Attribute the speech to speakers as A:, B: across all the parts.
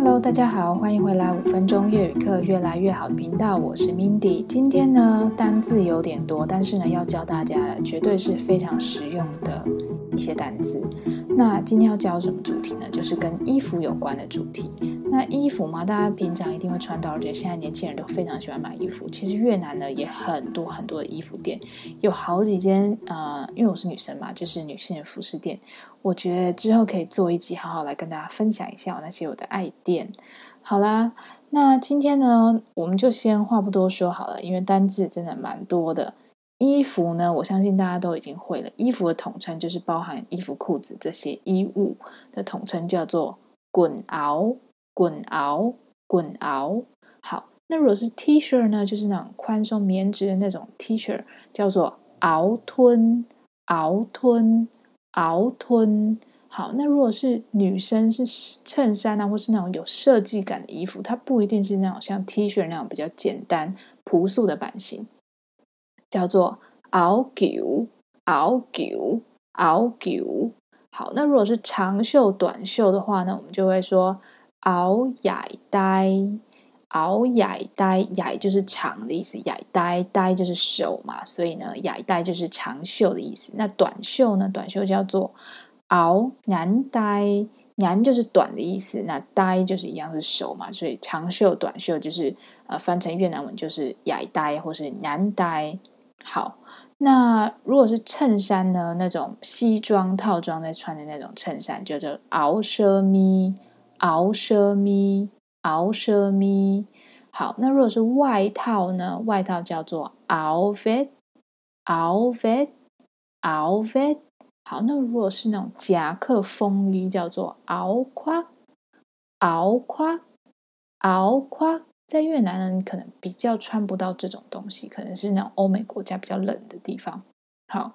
A: Hello，大家好，歡迎回來！五分鐘越語課，越來越好的頻道，我是 Mindy。今天呢，單字有點多，但是呢，要教大家的絕對是非常實用的一些單字。那今天要教什麼主題？就是跟衣服有關的主題。那衣服嘛，大家平常一定會穿到，而且現在年輕人都非常喜歡買衣服。其實越南呢，也很多很多的衣服店，有好幾間。呃，因為我是女生嘛，就是女性的服飾店，我覺得之後可以做一集，好好來跟大家分享一下我、哦、那些我的愛店。好啦，那今天呢，我們就先話不多說好了，因為單字真的蠻多的。衣服呢，我相信大家都已經會了。衣服的統稱就是包含衣服、褲子這些衣物的統稱，叫做滾熬、滾熬滾熬滾熬。好，那如果是 T 恤呢，就是那種寬鬆棉質的那種 T 恤，叫做熬吞、“熬吞”、“熬吞”、“熬吞”。好，那如果是女生是襯衫啊，或是那種有設計感的衣服，它不一定是那種像 T 恤那樣比較簡單、樸素的版型。叫做 áo kiểuáo kiểuáo kiểu。好，好，那如果是長袖短袖的話呢，我們就會說 áo dài tayáo dài taydài 就是長的意思，dài taytay 就是手嘛，所以呢，dài tay 就是長袖的意思。那短袖呢，短袖叫做 áo ngắn tayngắn 就是短的意思，那 tay 就是一樣是手嘛，所以長袖短袖就是呃，翻成越南文就是 dài tay 或是 ngắn tay。好，那如果是襯衫呢，那種西裝套裝在穿的那種襯衫就叫熬奢靡，熬奢靡，熬奢靡。好，那如果是外套呢，外套叫做熬菲，奧菲，奧菲。好，那如果是那種夾克風衣叫做熬誇，熬誇，熬誇。在越南呢，你可能比較穿不到這種東西，可能是那種歐美國家比較冷的地方。好，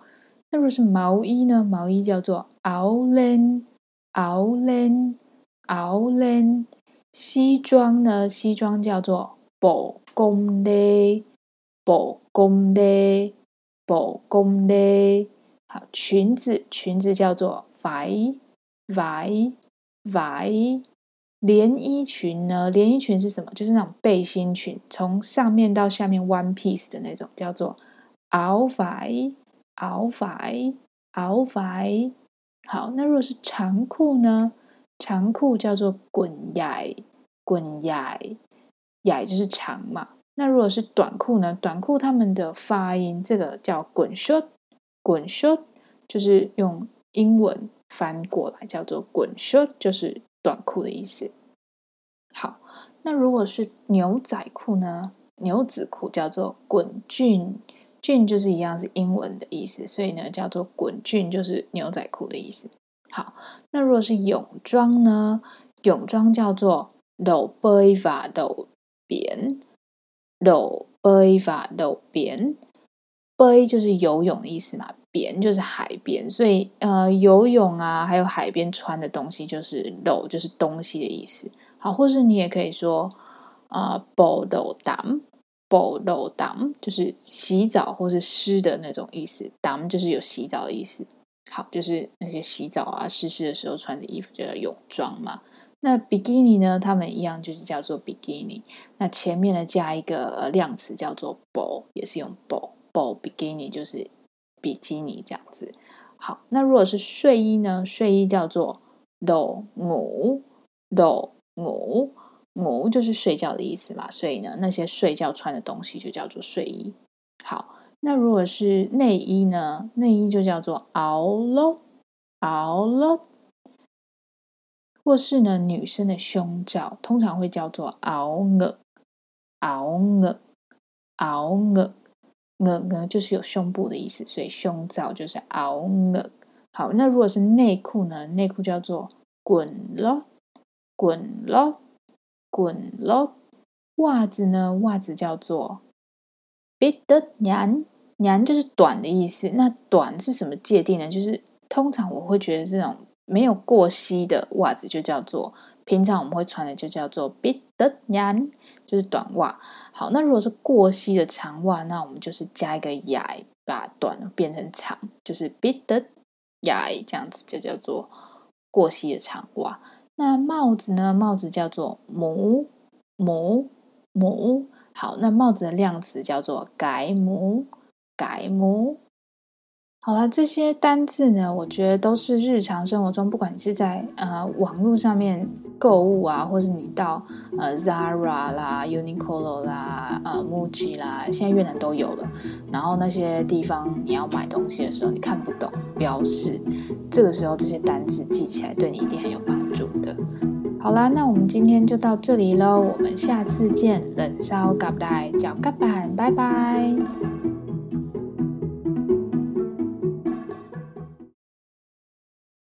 A: 那如果是毛衣呢？毛衣叫做 áo len，áo len，áo len。西裝呢？西裝叫做 bộ com lê，bộ com lê，bộ com lê。好，裙子，裙子叫做 váy，váy，váy。連衣裙呢？連衣裙是什麼？就是那種背心裙，從上面到下面 one piece 的那種，叫做 áo váy áo váy áo váy。好，那如果是長褲呢？長褲叫做 quần dài quần dài dài 就是長嘛。那如果是短褲呢？短褲它們的發音，這個叫 quần short quần short 就是用英文翻過來叫做 quần short 就是。短褲的意思。好，那如果是牛仔褲呢？牛仔褲叫做滾俊，俊就是一樣是英文的意思，所以呢叫做滾俊，就是牛仔褲的意思。好，那如果是泳裝呢？泳裝叫做抖杯法抖扁，抖杯法抖扁，杯就是游泳的意思嘛。邊就是海邊，所以呃游泳啊，還有海邊穿的東西就是 “đồ”，就是東西的意思。好，或是你也可以說啊 bộ đồ tắm bộ đồ tắm 就是洗澡或是濕的那種意思 tắm 就是有洗澡的意思。好，就是那些洗澡啊、濕濕的時候穿的衣服，就叫泳裝嘛。那 “bikini” 呢，他們一樣就是叫做 “bikini”，那前面呢加一個量詞叫做 “bộ”，也是用 “bộ”，“bộ bikini” 就是。比基尼這樣子，好。那如果是睡衣呢？睡衣叫做 đồ ngủ đồ 就是睡覺的意思嘛。所以呢，那些睡覺穿的東西就叫做睡衣。好，那如果是內衣呢？內衣就叫做 áo lót áo 或是呢，女生的胸罩通常會叫做 áo ngực áo 呃、嗯、呃、嗯，就是有胸部的意思，所以胸罩就是熬。呃、嗯。好，那如果是內褲呢？內褲叫做滾咯，滾咯，滾咯。襪子呢？襪子叫做憋得娘，娘就是短的意思。那短是什麼界定呢？就是通常我會覺得這種沒有過膝的襪子就叫做。平常我們會穿的就叫做 “bít tất ngắn”，就是短襪。好，那如果是過膝的長襪，那我們就是加一個 dài 把短變成長，就是 “bít tất dài” 這樣子就叫做過膝的長襪。那帽子呢？帽子叫做 mũ mũ mũ 好，那帽子的量詞叫做 “cái mũ cái mũ”。m 好了，這些單字呢，我覺得都是日常生活中，不管你是在呃網絡上面購物啊，或是你到呃 Zara 啦、Uniqlo 啦、呃 Muji 啦，現在越南都有了。然後那些地方你要買東西的時候，你看不懂標示，這個時候這些單字記起來，對你一定很有幫助的。好啦，那我們今天就到這裡嘍，我們下次見，冷燒給大家教課本，拜拜。